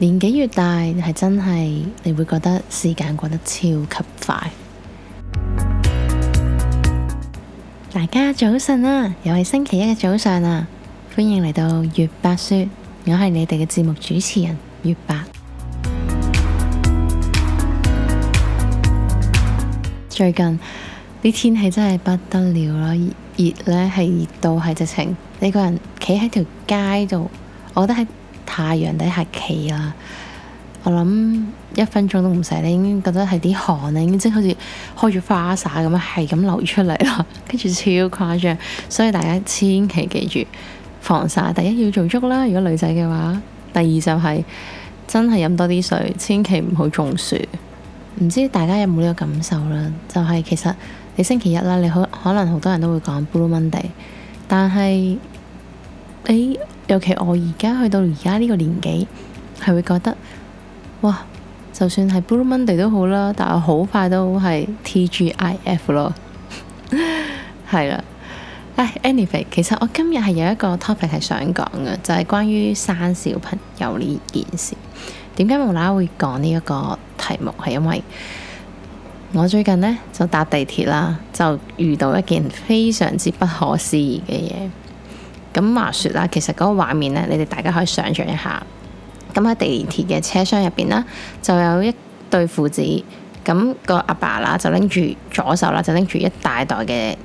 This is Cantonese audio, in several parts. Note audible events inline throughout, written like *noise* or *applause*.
年紀越大，係真係你會覺得時間過得超級快。大家早晨啊，又係星期一嘅早上啊，歡迎嚟到月白說，我係你哋嘅節目主持人月白。最近啲天氣真係不得了咯，熱呢係熱到係直情，你個人企喺條街度，我覺得係。太陽底下企啦，我諗一分鐘都唔使，你已經覺得係啲汗，你已經即好似開住花灑咁樣，係咁流出嚟咯，跟 *laughs* 住超誇張，所以大家千祈記住防曬，第一要做足啦。如果女仔嘅話，第二就係真係飲多啲水，千祈唔好中暑。唔知大家有冇呢個感受啦？就係其實你星期一啦，你好可能好多人都會講 Blue Monday，但係誒。尤其我而家去到而家呢個年紀，係會覺得哇，就算係 Blue Monday 都好啦，但我好快都係 TGIF 咯，係 *laughs* 啦。唉，anyway，其實我今日係有一個 topic 係想講嘅，就係關於生小朋友呢件事。點解無啦啦會講呢一個題目？係因為我最近呢，就搭地鐵啦，就遇到一件非常之不可思議嘅嘢。咁話説啦，其實嗰個畫面咧，你哋大家可以想像一下。咁喺地鐵嘅車廂入邊啦，就有一對父子，咁個阿爸啦就拎住左手啦，就拎住一大袋嘅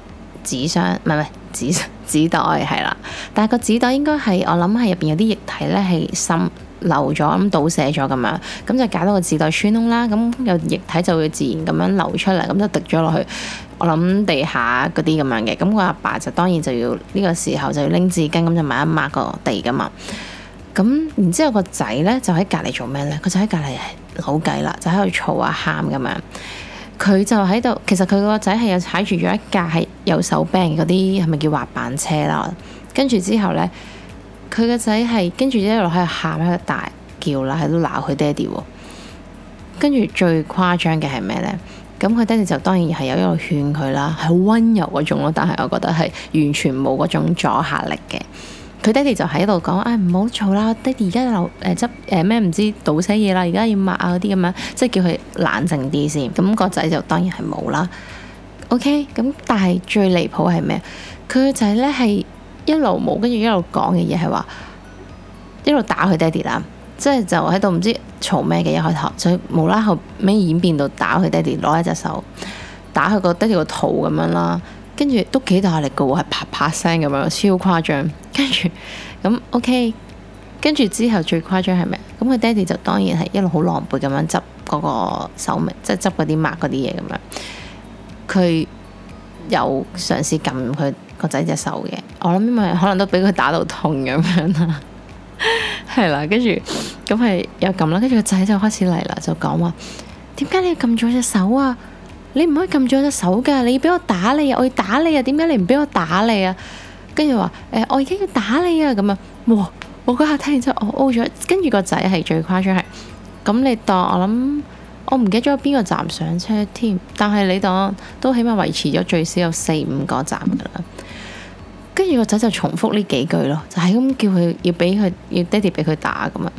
紙箱，唔係唔係紙，紙袋，係啦，但係個紙袋應該係我諗係入邊有啲液體咧，係滲。流咗咁倒瀉咗咁樣，咁就搞到個自袋穿窿啦。咁有液體就會自然咁樣流出嚟，咁就滴咗落去。我諗地下嗰啲咁樣嘅，咁個阿爸就當然就要呢個時候就要拎紙巾，咁就抹一抹個地噶嘛。咁然之後個仔咧就喺隔離做咩咧？佢就喺隔離扭計啦，就喺度嘈啊喊咁樣。佢就喺度，其實佢個仔係有踩住咗一架係有手柄嗰啲，係咪叫滑板車啦？跟住之後咧。佢個仔係跟住一路喺度喊喺度大叫啦，喺度鬧佢爹哋喎。跟住最誇張嘅係咩呢？咁佢爹哋就當然係有一路勸佢啦，係好温柔嗰種咯。但係我覺得係完全冇嗰種阻嚇力嘅。佢爹哋就喺度講，誒唔好做啦，爹哋而家留誒執誒咩唔知倒寫嘢啦，而家要抹啊嗰啲咁樣，即係叫佢冷靜啲先。咁個仔就當然係冇啦。OK，咁但係最離譜係咩？佢個仔呢係。一路冇跟住一路講嘅嘢係話，一路打佢爹哋啦，即係就喺度唔知嘈咩嘅，一開頭就無啦，後尾演變到打佢爹哋，攞一隻手打佢個爹哋個肚咁樣啦，跟住都幾大力嘅喎，係啪啪聲咁樣超誇張，跟住咁 OK，跟住之後最誇張係咩？咁佢爹哋就當然係一路好狼狽咁樣執嗰個手尾，即係執嗰啲抹嗰啲嘢咁樣，佢有嘗試撳佢。個仔隻手嘅，我諗咪可能都俾佢打到痛咁樣啦，係 *laughs* 啦。跟住咁係又撳啦，跟住個仔就開始嚟啦，就講話點解你要撳咗隻手啊？你唔可以撳咗隻手㗎，你要俾我打你啊！我要打你啊！點解你唔俾我打你啊？跟住話誒，我而家要打你啊！咁啊，哇！我嗰下聽完之後，我 O 咗。跟住個仔係最誇張係咁，你當我諗我唔記得咗邊個站上車添，但係你當都起碼維持咗最少有四五個站㗎啦。跟住個仔就重複呢幾句咯，就係咁叫佢要俾佢要爹哋俾佢打咁樣！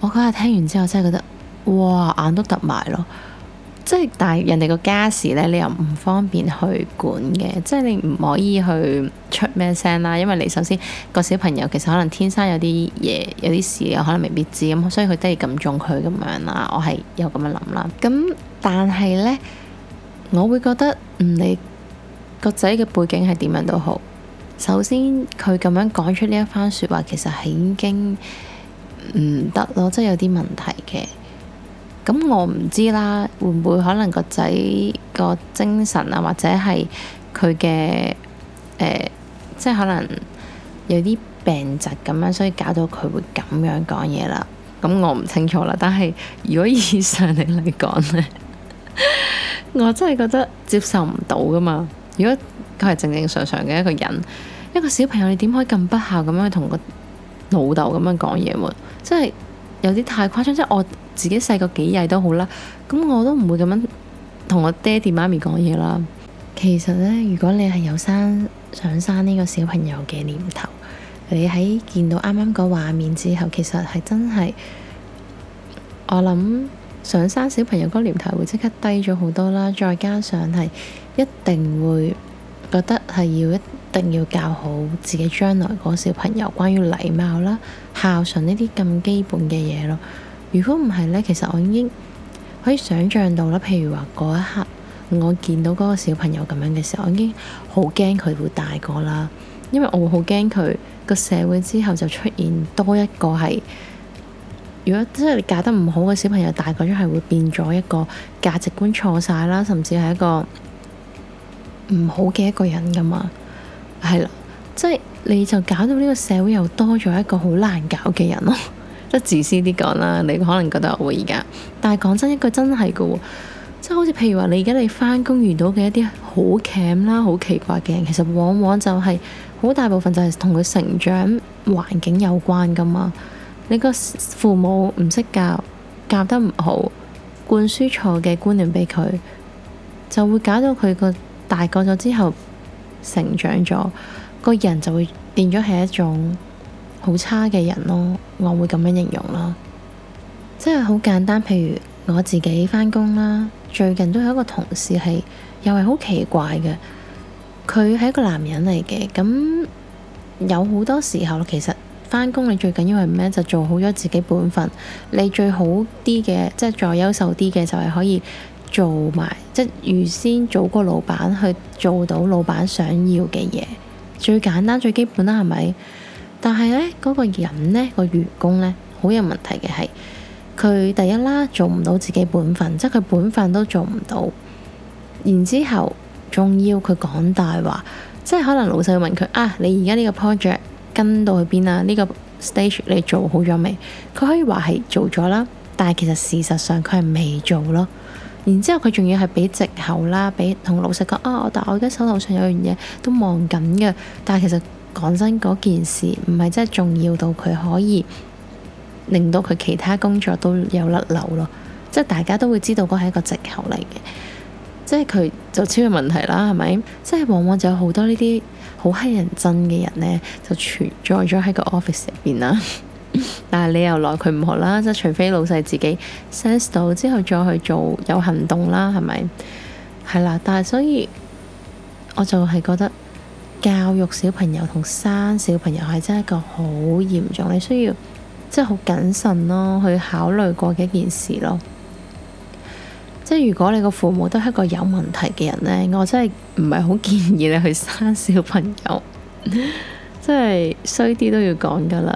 我嗰日聽完之後真係覺得嘩，眼都凸埋咯！即係但係人哋個家事咧，你又唔方便去管嘅，即係你唔可以去出咩聲啦。因為你首先個小朋友其實可能天生有啲嘢，有啲事又可能未必知咁，所以佢爹哋咁中佢咁樣，樣啦。我係有咁樣諗啦。咁但係咧，我會覺得唔理個仔嘅背景係點樣都好。首先佢咁樣講出呢一番說話，其實係已經唔得咯，即係有啲問題嘅。咁我唔知啦，會唔會可能個仔個精神啊，或者係佢嘅欸，即係可能有啲病疾咁樣，所以搞到佢會咁樣講嘢啦。咁我唔清楚啦。但係如果以常理嚟講呢， *laughs* 我真係覺得接受唔到噶嘛。如果佢係正正常常嘅一個人，一個小朋友，你點可以咁不孝咁樣去同個老豆咁樣講嘢？即係有啲太誇張。即係我自己細個幾曳都好啦，咁我都唔會咁樣同我爹哋媽咪講嘢啦。其實呢，如果你係有生想生呢個小朋友嘅念頭，你喺見到啱啱嗰畫面之後，其實係真係我諗想，想生小朋友嗰念頭會即刻低咗好多啦。再加上係一定會。覺得係要一定要教好自己將來嗰小朋友關於禮貌啦、孝順呢啲咁基本嘅嘢咯。如果唔係呢，其實我已經可以想像到啦。譬如話嗰一刻我見到嗰個小朋友咁樣嘅時候，我已經好驚佢會大個啦，因為我會好驚佢個社會之後就出現多一個係，如果即係你教得唔好嘅小朋友大個咗係會變咗一個價值觀錯晒啦，甚至係一個。唔好嘅一個人噶嘛，係啦，即係你就搞到呢個社會又多咗一個好難搞嘅人咯，即 *laughs* 自私啲講啦，你可能覺得我會喎而家，但係講真一句真係嘅喎，即係好似譬如話你而家你返工遇到嘅一啲好 camp 啦好奇怪嘅人，其實往往就係，是，好大部分就係同佢成長環境有關噶嘛，你個父母唔識教，教得唔好，灌輸錯嘅觀念俾佢，就會搞到佢個。大個咗之後，成長咗，個人就會變咗係一種好差嘅人咯，我會咁樣形容啦。即係好簡單，譬如我自己返工啦，最近都有一個同事係，又係好奇怪嘅。佢係一個男人嚟嘅，咁有好多時候，其實返工你最緊要係咩？就做好咗自己本分，你最好啲嘅，即係再優秀啲嘅，就係可以。做埋即係預先做個老闆，去做到老闆想要嘅嘢，最簡單最基本啦，係咪？但係咧，嗰個人咧，個員工咧，好有問題嘅係，佢第一啦，做唔到自己本分，即係佢本分都做唔到，然之後仲要佢講大話，即係可能老細問佢啊，你而家呢個 project 跟到去邊啊？呢個 stage 你做好咗未？佢可以話係做咗啦，但係其實事實上佢係未做咯。然之後佢仲要係俾藉口啦，俾同老實講啊，我但我而家手頭上有樣嘢都忙緊嘅，但係其實講真嗰件事唔係真係重要到佢可以令到佢其他工作都有甩漏咯，即係大家都會知道嗰係一個藉口嚟嘅，即係佢就超有問題啦，係咪？即係往往就有好多呢啲好乞人憎嘅人呢，就存在咗喺個 office 入邊啦。但係你又奈佢唔學啦，即係除非老細自己 sense 到之後再去做有行動啦，係咪係啦？但係所以我就係覺得教育小朋友同生小朋友係真係一個好嚴重，你需要即係好謹慎咯去考慮過嘅一件事咯。即係如果你個父母都係一個有問題嘅人呢，我真係唔係好建議你去生小朋友，即係衰啲都要講㗎喇。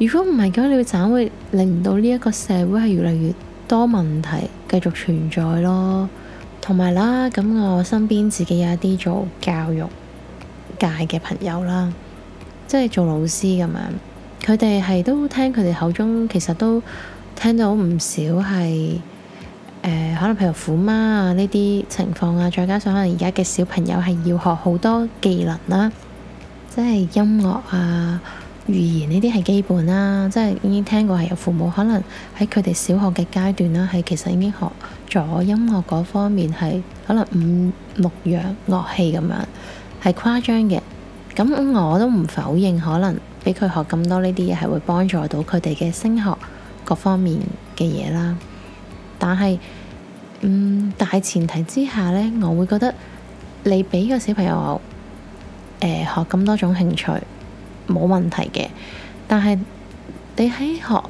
如果唔係咁，你會盞會令到呢一個社會係越嚟越多問題繼續存在咯。同埋啦，咁我身邊自己有一啲做教育界嘅朋友啦，即係做老師咁樣，佢哋係都聽佢哋口中其實都聽到唔少係誒、呃，可能譬如虎媽啊呢啲情況啊，再加上可能而家嘅小朋友係要學好多技能啦、啊，即係音樂啊。語言呢啲係基本啦，即係已經聽過係有父母可能喺佢哋小學嘅階段啦，係其實已經學咗音樂嗰方面係可能五六樣樂器咁樣，係誇張嘅。咁我都唔否認，可能俾佢學咁多呢啲嘢係會幫助到佢哋嘅升學各方面嘅嘢啦。但係，嗯，大前提之下呢，我會覺得你俾個小朋友誒、呃、學咁多種興趣。冇問題嘅，但係你喺學呢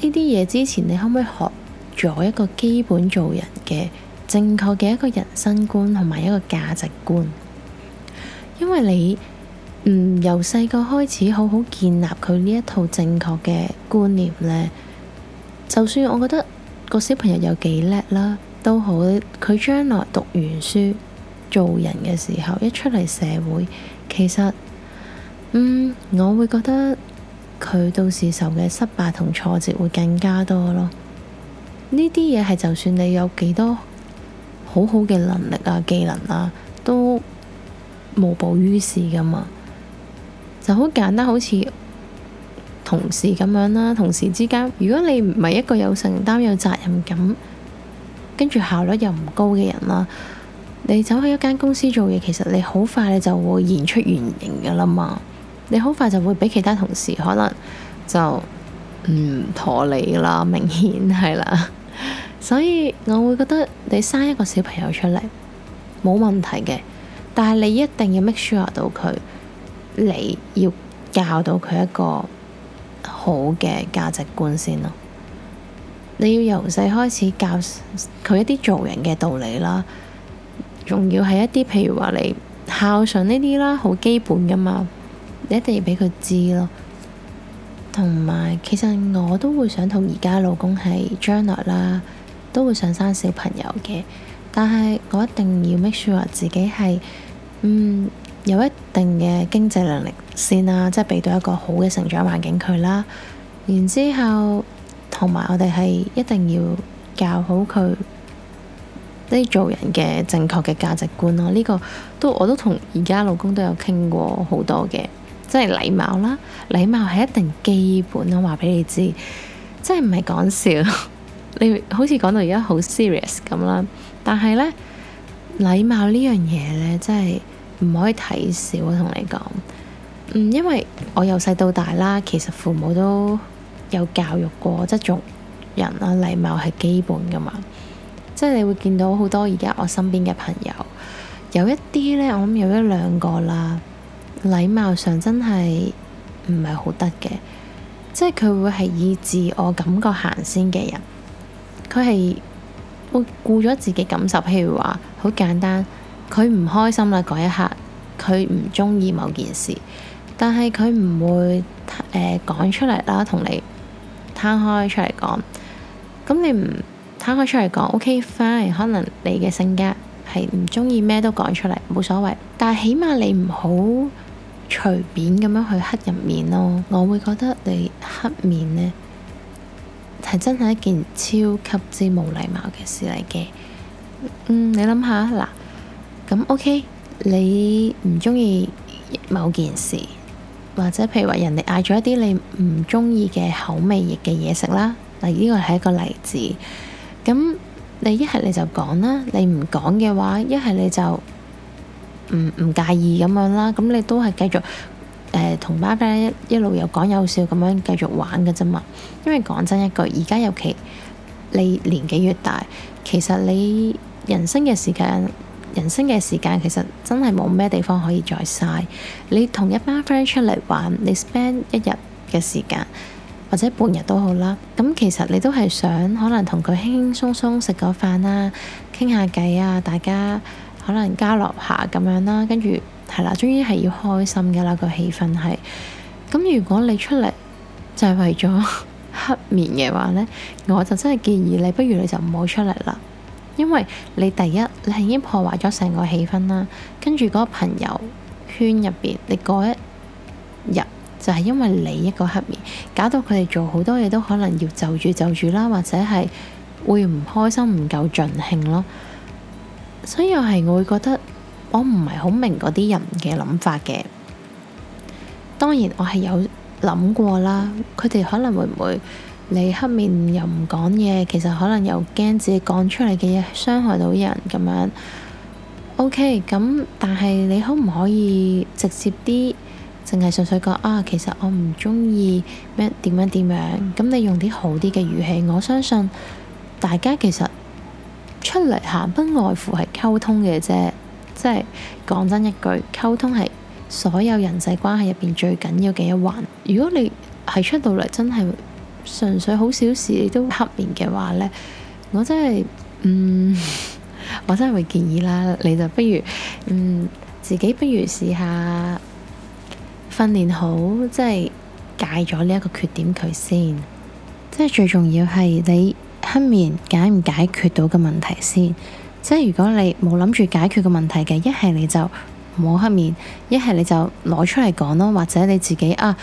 啲嘢之前，你可唔可以學咗一個基本做人嘅正確嘅一個人生觀同埋一個價值觀？因為你嗯，由細個開始好好建立佢呢一套正確嘅觀念呢。就算我覺得個小朋友有幾叻啦，都好，佢將來讀完書做人嘅時候，一出嚟社會其實。嗯，我會覺得佢到時受嘅失敗同挫折會更加多咯。呢啲嘢係，就算你有幾多好好嘅能力啊、技能啊，都無補於事噶嘛。就好簡單，好似同事咁樣啦，同事之間，如果你唔係一個有承擔、擔有責任感，跟住效率又唔高嘅人啦，你走去一間公司做嘢，其實你好快你就會現出原形噶啦嘛。你好快就會俾其他同事可能就唔妥你啦，明顯係啦。 *laughs* 所以我會覺得你生一個小朋友出嚟冇問題嘅，但係你一定要 make sure 到佢，你要教到佢一個好嘅價值觀先咯。你要由細開始教佢一啲做人嘅道理啦，仲要係一啲譬如話你孝順呢啲啦，好基本㗎嘛。你一定要俾佢知咯，同埋其實我都會想同而家老公係將來啦，都會想生小朋友嘅，但係我一定要 make sure 自己係嗯，有一定嘅經濟能力先啦，即係俾到一個好嘅成長環境佢啦。然之後同埋我哋係一定要教好佢呢做人嘅正確嘅價值觀咯。呢個都我都同而家老公都有傾過好多嘅。即係禮貌啦，禮貌係一定基本咯，話俾你知，即係唔係講笑。 *laughs* 你好似講到而家好 serious 咁啦。但係呢，禮貌呢樣嘢呢，真係唔可以睇少，我同你講。嗯，因為我由細到大啦，其實父母都有教育過，即係做人啦，禮貌係基本噶嘛。即係你會見到好多而家我身邊嘅朋友，有一啲呢，我諗有一兩個啦。禮貌上真係唔係好得嘅，即係佢會係以自我感覺行先嘅人，佢係會顧咗自己感受。譬如話，好簡單，佢唔開心啦，嗰一刻佢唔中意某件事，但係佢唔會誒、呃、講出嚟啦，同你攤開出嚟講。咁你唔攤開出嚟講，OK，反而可能你嘅性格係唔中意咩都講出嚟，冇所謂，但係起碼你唔好，隨便咁樣去黑入面咯，我會覺得你黑面呢，係真係一件超級之無禮貌嘅事嚟嘅。嗯，你諗下嗱，咁 OK，你唔中意某件事，或者譬如話人哋嗌咗一啲你唔中意嘅口味熱嘅嘢食啦，嗱呢個係一個例子。咁你一係你就講啦，你唔講嘅話，一係你就。唔唔介意咁樣啦，咁你都係繼續誒同班 friend 一一路有講有笑咁樣繼續玩嘅啫嘛。因為講真一句，而家尤其你年紀越大，其實你人生嘅時間，人生嘅時間其實真係冇咩地方可以再嘥。你同一班 friend 出嚟玩，你 spend 一日嘅時間或者半日都好啦，咁其實你都係想可能同佢輕輕鬆鬆食個飯啦、啊，傾下偈啊，大家。可能交流下咁樣啦，跟住係啦，終於係要開心噶啦，個氣氛係。咁如果你出嚟就係為咗黑面嘅話呢，我就真係建議你，不如你就唔好出嚟啦。因為你第一，你係已經破壞咗成個氣氛啦。跟住嗰個朋友圈入邊，你嗰一日就係因為你一個黑面，搞到佢哋做好多嘢都可能要就住就住啦，或者係會唔開心、唔夠盡興咯。所以又係我會覺得我唔係好明嗰啲人嘅諗法嘅。當然我係有諗過啦，佢哋可能會唔會你黑面又唔講嘢，其實可能又驚自己講出嚟嘅嘢傷害到人咁樣。OK，咁但係你可唔可以直接啲，淨係純粹講啊，其實我唔中意咩點樣點樣。咁你用啲好啲嘅語氣，我相信大家其實。出嚟行不外乎係溝通嘅啫，即係講真一句，溝通係所有人際關係入邊最緊要嘅一環。如果你係出到嚟真係純粹好小事你都黑面嘅話呢，我真係，嗯，我真係會建議啦，你就不如，嗯，自己不如試下訓練好，即係戒咗呢一個缺點佢先，即係最重要係你。黑面解唔解決到嘅問題先，即係如果你冇諗住解決嘅問題嘅，一係你就唔好黑面，一係你就攞出嚟講咯，或者你自己啊，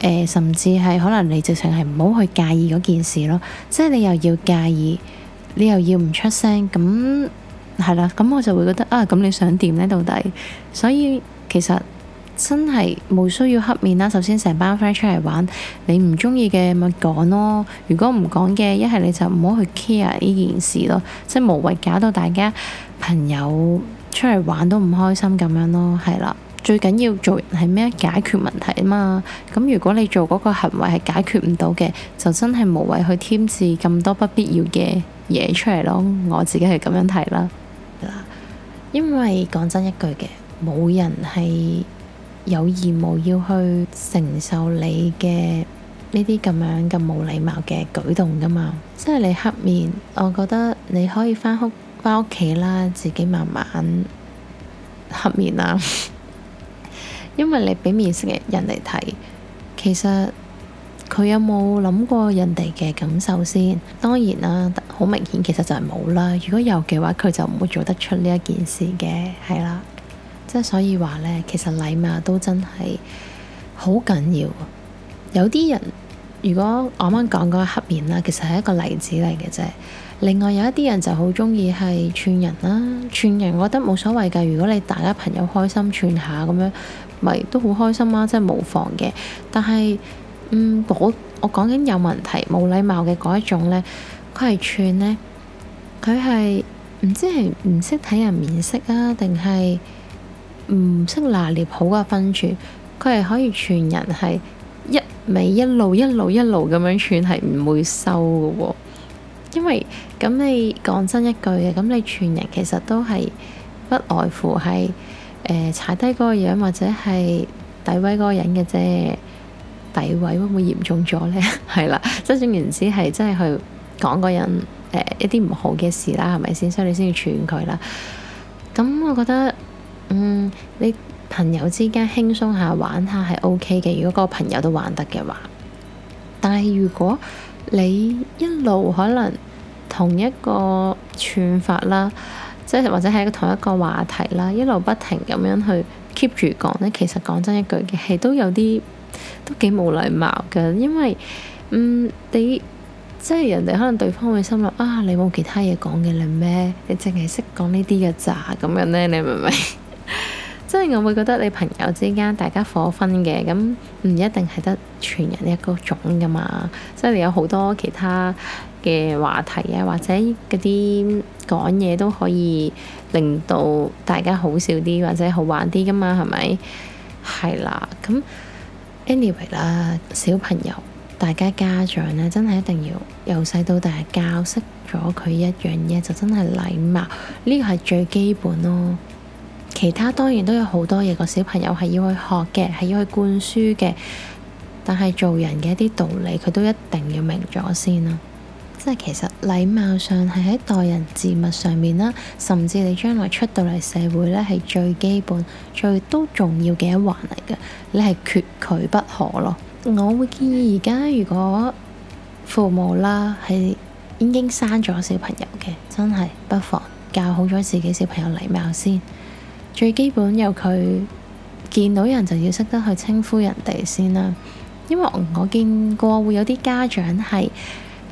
誒、呃，甚至係可能你直情係唔好去介意嗰件事咯，即係你又要介意，你又要唔出聲，咁係啦，咁我就會覺得啊，咁你想點呢到底，所以其實。真係冇需要黑面啦。首先，成班 friend 出嚟玩，你唔中意嘅咪講咯。如果唔講嘅，一係你就唔好去 care 呢件事咯。即係無謂搞到大家朋友出嚟玩都唔開心咁樣咯。係啦，最緊要做人係咩？解決問題啊嘛。咁如果你做嗰個行為係解決唔到嘅，就真係無謂去添置咁多不必要嘅嘢出嚟咯。我自己係咁樣睇啦。因為講真一句嘅，冇人係有義務要去承受你嘅呢啲咁樣咁冇禮貌嘅舉動噶嘛？即係你黑面，我覺得你可以翻屋翻屋企啦，自己慢慢黑面啦。 *laughs* 因為你俾面色人嚟睇，其實佢有冇諗過人哋嘅感受先？當然啦，好明顯其實就係冇啦。如果有嘅話，佢就唔會做得出呢一件事嘅，係啦。即係所以話呢，其實禮貌都真係好緊要。有啲人，如果我啱講嗰個黑面啦，其實係一個例子嚟嘅啫。另外有一啲人就好中意係串人啦、啊，串人我覺得冇所謂㗎。如果你大家朋友開心串下咁樣，咪都好開心啦、啊，即係冇妨嘅。但係，嗯，我我講緊有問題冇禮貌嘅嗰一種呢，佢係串呢？佢係唔知係唔識睇人面色啊，定係？唔識拿捏好個分寸，佢係可以串人係一味一路一路一路咁樣串，係唔會收㗎喎、哦。因為咁，你講真一句嘅，咁你串人其實都係不外乎係踩、呃、低嗰個樣，或者係詆毀嗰個人嘅啫。詆毀會唔會嚴重咗呢？係 *laughs* 啦，即係總言之係真係去講個人、呃、一啲唔好嘅事啦，係咪先？所以你先要串佢啦。咁我覺得。嗯，你朋友之間輕鬆下玩下係 OK 嘅，如果個朋友都玩得嘅話。但係如果你一路可能同一個串法啦，即係或者係同一個話題啦，一路不停咁樣去 keep 住講呢，其實講真一句嘅係都有啲都幾冇禮貌㗎，因為嗯你即係人哋可能對方會心諗啊，你冇其他嘢講嘅你咩？你淨係識講呢啲嘅咋咁樣呢，你明唔明？即係我會覺得你朋友之間大家夥分嘅，咁唔一定係得全人一個種噶嘛。即係你有好多其他嘅話題啊，或者嗰啲講嘢都可以令到大家好笑啲或者好玩啲噶嘛，係咪？係啦，咁 anyway 啦，小朋友，大家家長咧真係一定要由細到大教識咗佢一樣嘢，就真係禮貌，呢個係最基本咯。其他當然都有好多嘢，個小朋友係要去學嘅，係要去灌輸嘅。但係做人嘅一啲道理，佢都一定要明咗先啦。即係其實禮貌上係喺待人接物上面啦，甚至你將來出到嚟社會呢，係最基本、最都重要嘅一環嚟嘅，你係缺佢不可咯。我會建議而家如果父母啦係已經生咗小朋友嘅，真係不妨教好咗自己小朋友禮貌先。最基本有佢見到人就要識得去稱呼人哋先啦，因為我，我見過會有啲家長係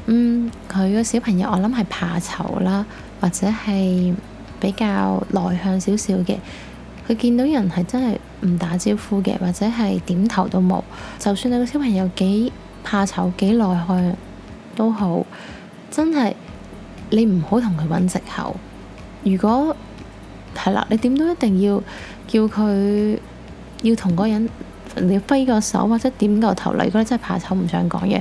嗯，佢個小朋友我諗係怕醜啦，或者係比較內向少少嘅，佢見到人係真係唔打招呼嘅，或者係點頭都冇。就算你個小朋友幾怕醜幾內向都好，真係，你唔好同佢揾借口。如果係啦，你點都一定要叫佢要同嗰人你揮個手或者點個頭。如果你真係怕醜唔想講嘢，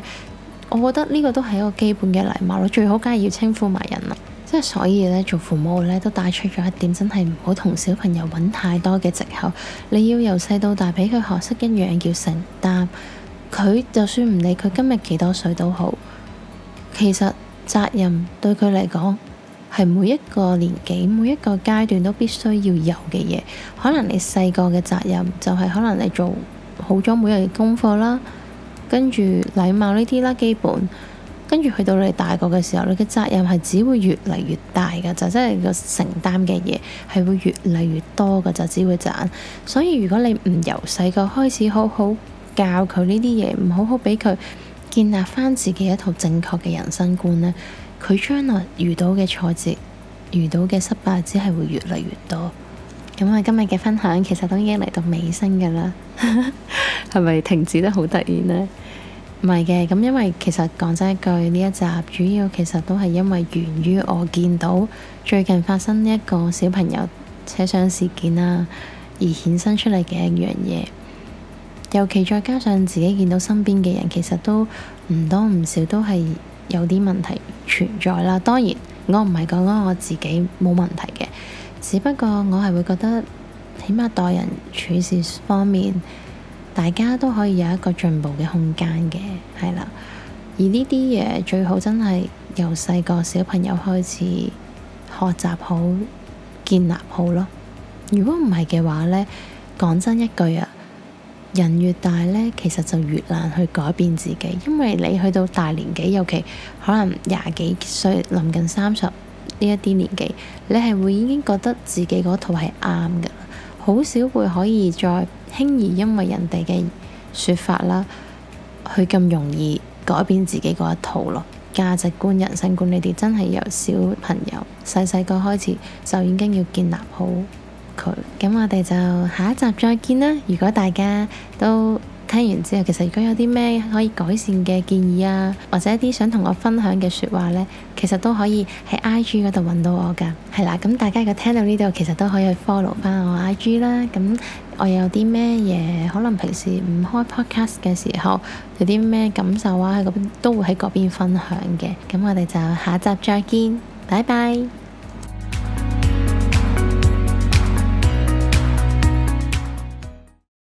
我覺得呢個都係一個基本嘅禮貌咯。最好梗係要稱呼埋人啦。即係所以咧，做父母咧都帶出咗一點，真係唔好同小朋友揾太多嘅藉口。你要由細到大俾佢學識一樣叫承擔。但佢就算唔理佢今日幾多歲都好，其實責任對佢嚟講。係每一個年紀、每一個階段都必須要有嘅嘢，可能你細個嘅責任就係可能你做好咗每日嘅功課啦，跟住禮貌呢啲啦，基本跟住去到你大個嘅時候，你嘅責任係只會越嚟越大噶，就真係個承擔嘅嘢係會越嚟越多噶，就只會賺。所以如果你唔由細個開始好好教佢呢啲嘢，唔好好俾佢建立翻自己一套正確嘅人生觀呢，佢將來遇到嘅挫折、遇到嘅失敗，只係會越嚟越多。咁我今日嘅分享其實都已經嚟到尾聲㗎啦，係 *laughs* 咪停止得好突然呢？唔係嘅，咁因為其實講真一句，呢一集主要其實都係因為源於我見到最近發生一個小朋友車上事件啊，而衍生出嚟嘅一樣嘢。尤其再加上自己見到身邊嘅人，其實都唔多唔少都係。有啲問題存在啦，當然我唔係講緊我自己冇問題嘅，只不過我係會覺得，起碼待人處事方面，大家都可以有一個進步嘅空間嘅，係啦。而呢啲嘢最好真係由細個小朋友開始學習好，建立好咯。如果唔係嘅話呢，講真一句啊～人越大呢，其實就越難去改變自己，因為你去到大年紀，尤其可能廿幾歲、臨近三十呢一啲年紀，你係會已經覺得自己嗰套係啱嘅，好少會可以再輕易因為人哋嘅説法啦，去咁容易改變自己嗰一套咯。價值觀、人生觀你哋真係由小朋友細細個開始就已經要建立好。咁我哋就下一集再見啦。如果大家都聽完之後，其實如果有啲咩可以改善嘅建議啊，或者一啲想同我分享嘅説話呢，其實都可以喺 IG 嗰度揾到我噶。係啦，咁大家嘅聽到呢度，其實都可以去 follow 翻我 IG 啦。咁我有啲咩嘢，可能平時唔開 podcast 嘅時候有啲咩感受啊，喺嗰邊都會喺嗰邊分享嘅。咁我哋就下一集再見，拜拜。